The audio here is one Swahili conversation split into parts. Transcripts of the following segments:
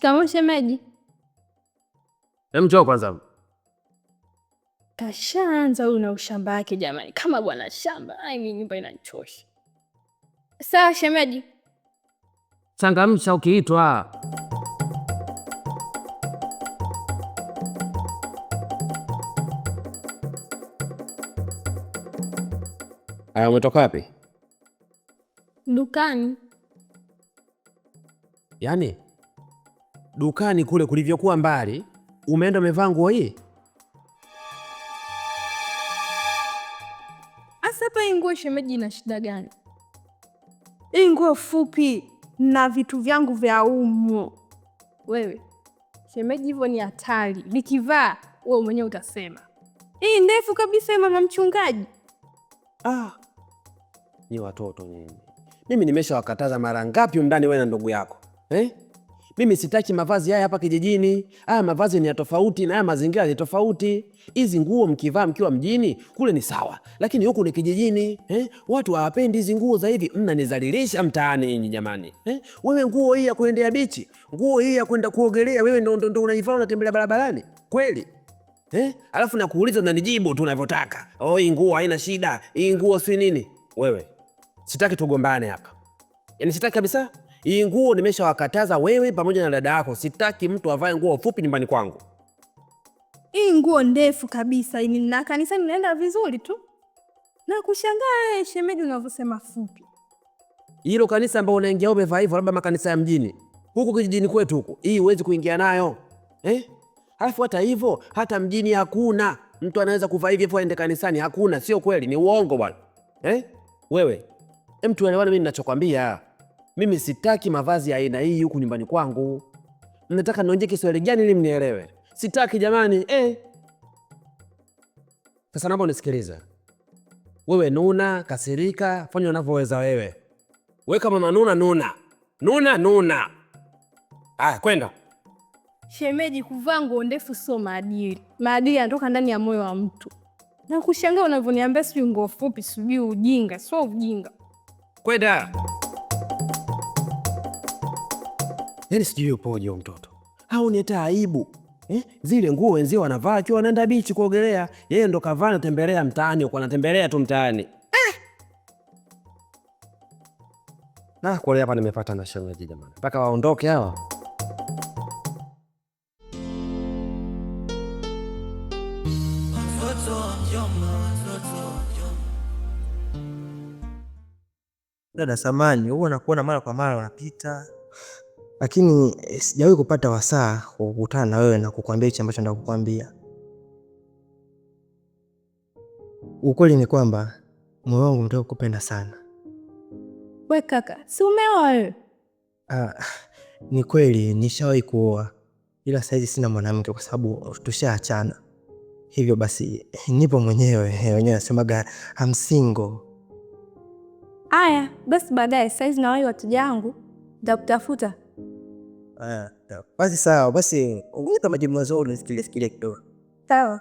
Shikamoo shemeji. Hem, njoo kwanza. Kashaanza huyu na ushamba wake jamani, kama bwana shamba. Ai, mimi nyumba inanichosha. Sawa shemeji, changamsha ukiitwa. Aya, umetoka wapi? Dukani. Yaani dukani kule kulivyokuwa mbali, umeenda umevaa nguo hii asapa. Hii nguo shemeji, ina shida gani? Hii nguo fupi na vitu vyangu vya umo. Wewe shemeji, hivyo ni hatari, nikivaa wewe mwenyewe utasema hii ndefu kabisa, mama mchungaji. Ah, ni watoto nyinyi. Mimi nimeshawakataza mara ngapi? Umdani wewe na ndugu yako eh? Mimi sitaki mavazi haya hapa kijijini. Haya mavazi ni ya tofauti na haya mazingira ni tofauti. Hizi nguo mkivaa mkiwa mjini kule ni sawa, lakini huku ni kijijini eh? Watu hawapendi hizi nguo za hivi, mnanizalilisha mtaani nyinyi jamani eh? Wewe nguo hii ya kuendea bichi, nguo hii ya kwenda kuogelea, wewe ndo ndo unaivaa unatembelea barabarani kweli eh? Alafu nakuuliza unanijibu tu unavyotaka, oh, hii nguo haina shida, hii nguo si nini. Wewe sitaki tugombane hapa, yaani sitaki kabisa hii nguo nimeshawakataza wewe pamoja na dada yako. Sitaki mtu avae nguo fupi nyumbani kwangu. Hii nguo ndefu kabisa ini, na kanisani naenda vizuri tu, na kushangaa shemeji unavyosema fupi. Hilo kanisa ambao unaingia umevaa hivyo, labda makanisa ya mjini huku kijijini kwetu huku, hii huwezi kuingia nayo eh? Alafu hata hivyo, hata mjini hakuna mtu anaweza kuvaa hivyo aende kanisani, hakuna. Sio kweli, ni uongo bwana eh? Wewe hem, tuelewane mimi ninachokwambia mimi sitaki mavazi ya aina hii huku nyumbani kwangu. Nataka nionje Kiswahili gani ili mnielewe? Sitaki jamani, eh. Sasa naomba unisikilize wewe, nuna, kasirika, fanya unavyoweza wewe. We kama mama nuna nuna nuna nuna. Aya, kwenda shemeji. Kuvaa nguo ndefu sio maadili. Maadili yanatoka ndani ya moyo wa mtu. Na kushangaa unavyoniambia sijui nguo fupi, sijui ujinga. Sio ujinga, kwenda yani sijui upoje mtoto au hata aibu eh? Zile nguo wenzio wanavaa akiwa wanaenda bichi kuogelea, yeye ndo kavaa anatembelea mtaani huko, anatembelea tu mtaani ah! Kweli hapa nimepata na shemeji jamani, mpaka waondoke hawa. Dada samani, huwa nakuona mara kwa mara unapita lakini eh, sijawahi kupata wasaa wa kukutana na wewe na kukwambia hichi ambacho nataka kukwambia. Ukweli ni kwamba moyo wangu unataka kukupenda sana. We kaka, si umeoa wewe? Ah, ni kweli nishawahi kuoa, ila saizi sina mwanamke kwa sababu tushaachana. Hivyo basi eh, nipo mwenyewe, eh, wenyewe nasemaga hamsingo. Aya, basi baadaye saizi na wai watuja wangu ntakutafuta Ah, tahu tá. Quase sal, assim, o que tá de mazolo nesse tu tahu.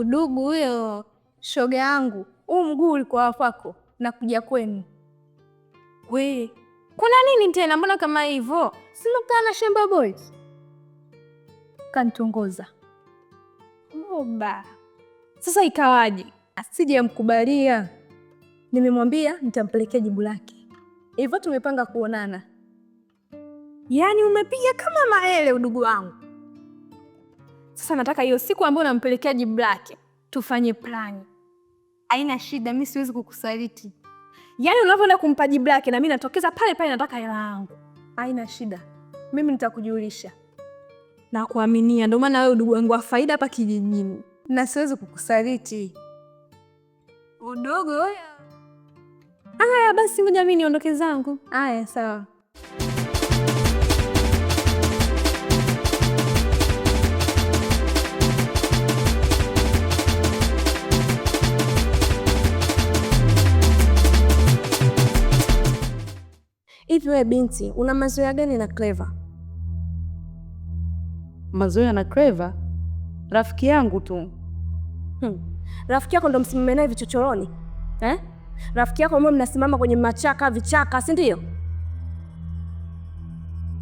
udugu huyo shoga yangu, huu mguu ulikuwa wa na kuja kwenu. We, kuna nini tena? Mbona kama hivyo? Si na Shamba Boys? Kantongoza. oba. Sasa ikawaje? mkubalia. nimemwambia nitampelekea jibu lake. Hivyo tumepanga kuonana. Yaani umepiga kama maele, udugu wangu. Sasa nataka hiyo siku ambayo nampelekea jibu lake tufanye plani. Haina shida, mi siwezi kukusaliti. Yaani unavyoenda kumpa jibu lake na mi natokeza pale pale, nataka hela yangu. Haina shida, mimi nitakujulisha na kuaminia. Ndio maana wewe udugu wangu wa faida hapa kijijini, na siwezi kukusaliti udogo. Haya basi, ngoja mi niondoke zangu. Haya, sawa. Vipi wewe binti, una mazoea gani na Clever? Mazoea na Clever? Rafiki yangu tu. Hmm. Rafiki yako ndo msimame naye vichochoroni eh? Rafiki yako mwe mnasimama kwenye machaka vichaka, si ndio?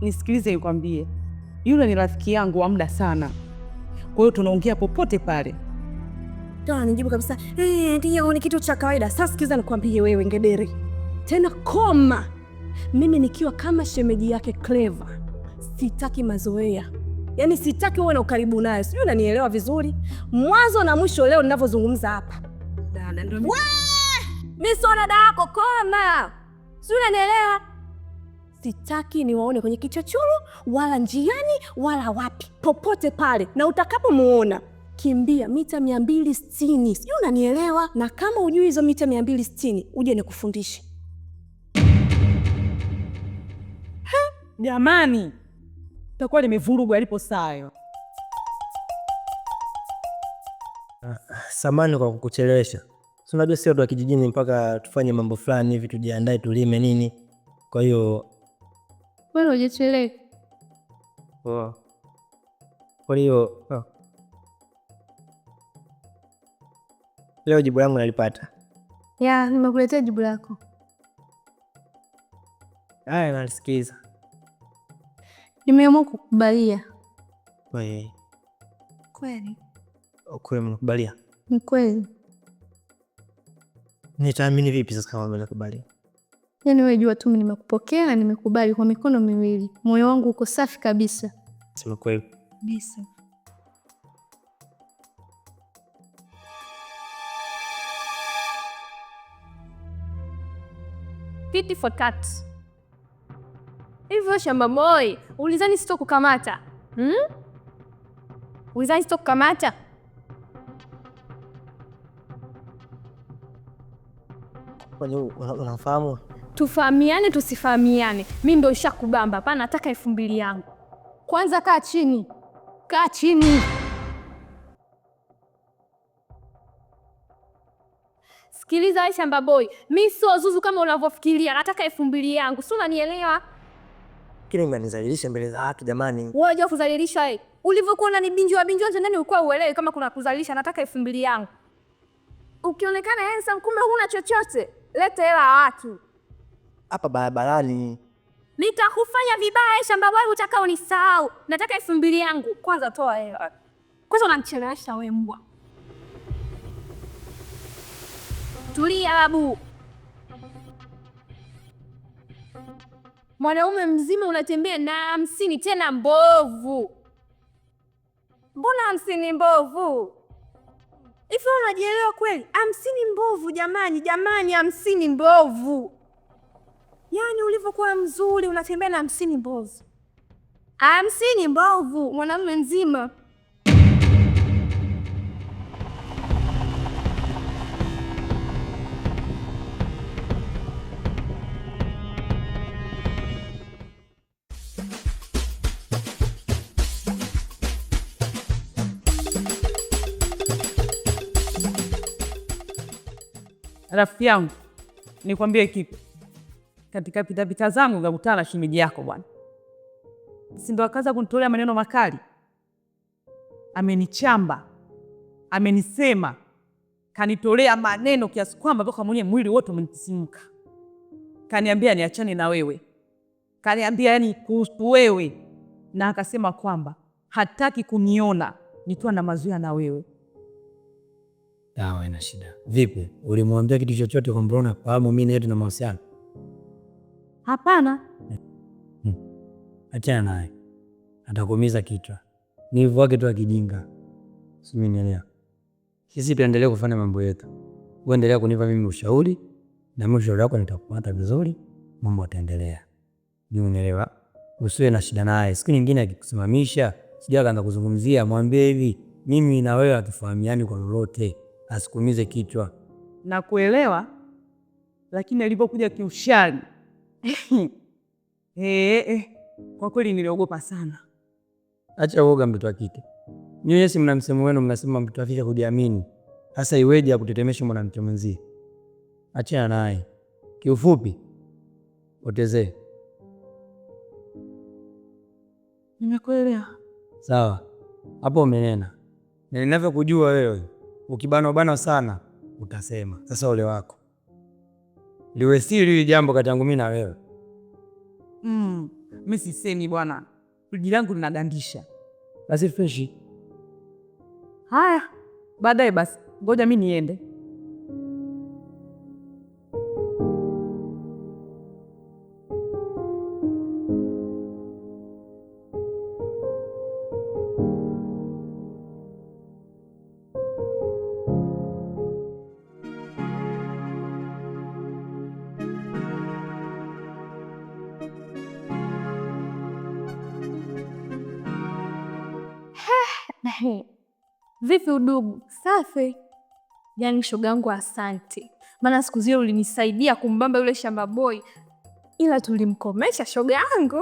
Nisikilize nikwambie, yule ni rafiki yangu wa muda sana, kwa hiyo tunaongea popote pale. Nijibu kabisa, hmm, ndio ni kitu cha kawaida. Sasa sikiliza, nikwambie, wewe ngedere tena, koma mimi nikiwa kama shemeji yake Cleva, sitaki mazoea, yaani sitaki uwe na ukaribu naye. Sijui unanielewa vizuri, mwanzo na mwisho leo ninavyozungumza hapa. mi sio dada yako, koma. Sijui unanielewa, sitaki niwaone kwenye kichochoro wala njiani wala wapi popote pale, na utakapomuona kimbia mita mia mbili sitini. Sijui unanielewa, na kama hujui hizo mita mia mbili sitini uje nikufundishe. Jamani, takuwa nimevurugwa alipo sayo. Ah, samani kwa kukuchelewesha. Si unajua sio watu wa kijijini mpaka tufanye mambo fulani hivi, tujiandae, tulime nini. Kwa hiyo bado hujachelewa. Oh. Kwa hiyo oh. Leo jibu langu nalipata. Ya, nimekuletea jibu lako. Aya, nalisikiza Nimeamua kukubalia. Kweli Kweli. Oh, kweli mnakubalia? Ni kweli. Nitaamini vipi sasa kama mnakubalia? Yaani wewe jua tu mimi nimekupokea na nimekubali kwa mikono miwili. Moyo wangu uko safi kabisa. Sema kweli. Kabisa. Titi for tat. Mheshimiwa Shamba boy, ulizani sitokukamata hmm? Ulizani sitokukamata Unamfahamu? Tufahamiane tusifahamiane, mi ndo nishakubamba hapana. Nataka elfu mbili yangu kwanza. Kaa chini, kaa chini. Sikiliza we Shamba Boy, mi sio zuzu kama unavyofikiria. Nataka elfu mbili yangu, si unanielewa? lakini mnanizalilisha mbele za watu jamani. Wewe unajua kudhalilisha eh? Ulivyokuwa unanibinjwa binjwa nje ndani ulikuwa uelewi kama kuna kuzalilisha Nataka elfu mbili yangu. Ukionekana handsome kumbe huna chochote, leta hela watu. Hapa barabarani. Nitakufanya vibaya shamba wewe utakao nisahau. Nataka elfu mbili yangu. Kwanza toa hela. Kwanza unanichelewesha wewe mbwa. Tulia babu. mwanaume mzima unatembea na hamsini tena mbovu. Mbona hamsini mbovu? Hivi unajielewa kweli? Hamsini mbovu jamani, jamani, hamsini mbovu. Yaani ulivyokuwa mzuri unatembea na hamsini mbovu, hamsini mbovu, mwanaume mzima. rafiki yangu, nikwambie kitu. Katika pitapita zangu nikakutana na shimiji yako bwana, si ndo akaanza kunitolea maneno makali, amenichamba, amenisema, kanitolea maneno kiasi kwamba mpaka mwenye mwili wote umenisimka. Kaniambia niachane na wewe, kaniambia yani kuhusu wewe, na akasema kwamba hataki kuniona nikiwa na mazoea na wewe Sawa, ina shida. Vipi, ulimwambia kitu chochote kwa kwamba fahamu mimi na yetu na mahusiano? Hapana. Hmm. naye, atakuumiza kichwa. Ni hivyo wake tu akijinga, sijui nielewa. Sisi tuendelee kufanya mambo yetu, uendelea kunipa mimi ushauri na mimi ushauri wako nitakupata vizuri, mambo yataendelea. nielewa, Usiwe na shida naye, siku nyingine akikusimamisha, sijui akaanza kuzungumzia, mwambie hivi, mimi na wewe hatufahamiani kwa lolote asikumize kichwa na kuelewa, lakini alivyokuja kiushali eh, eh, eh, kwa kweli niliogopa sana. Acha uoga, mtoto wa kike. Nyinyi mna msemo wenu, mnasema mtoto wa kike kujiamini. Sasa iweje kutetemesha mwanamke mwenzie? Achana naye, kiufupi potezee. Nimekuelewa. Sawa, hapo umenena na ninavyokujua wewe bana sana utasema. Sasa ole wako, liwe siri hili jambo kati yangu mimi na wewe. Mm, mimi sisemi bwana, uji langu linadandisha. Basi freshi. Haya, baadaye basi, ngoja mimi niende. Hey, vipi udugu? Safi. Yaani shoga yangu, asante, maana siku zile ulinisaidia kumbamba yule shamba boy, ila tulimkomesha shoga yangu.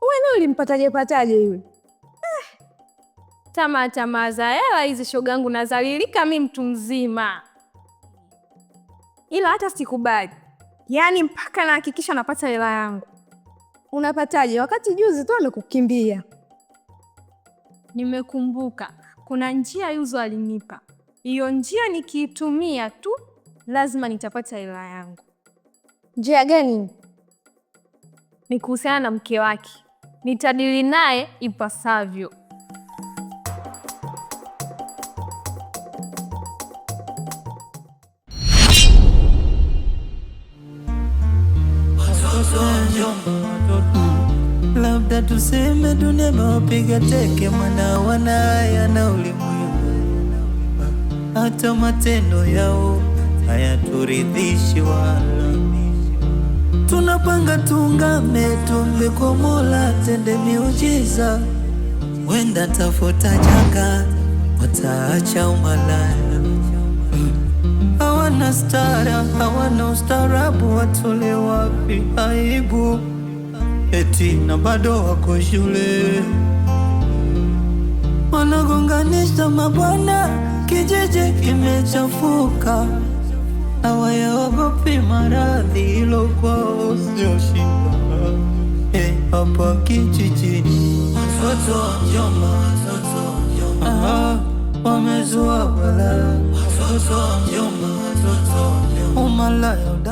Wewe ulimpataje pataje yule? Eh, tamaa tamaa za hela hizi shoga yangu, nazalilika mi mtu mzima, ila hata sikubali, yaani mpaka nahakikisha napata hela yangu. Unapataje wakati juzi tu amekukimbia? nimekumbuka, kuna njia Yuzo alinipa. Hiyo njia nikiitumia tu lazima nitapata hela yangu. Njia gani? Ni kuhusiana na mke wake, nitadili naye ipasavyo. Niseme dunia maupiga teke, mwana wanaya na ulimwengu, hata matendo yao hayaturidhishi wala. Tunapanga tungame, kwa Mola tende miujiza, wenda tafuta janga, wataacha umalaya. Hawana stara, hawana ustarabu, watole wapi aibu eti na bado wako shule, wanagonganisha mabwana, kijiji kimechafuka, hawayaogopi maradhi, hilo kwao sio shida. Eh, hapa kijijini watoto wa mjomba, watoto wa mjomba, wamezua balaa, watoto wa mjomba, watoto wa mjomba, umalaya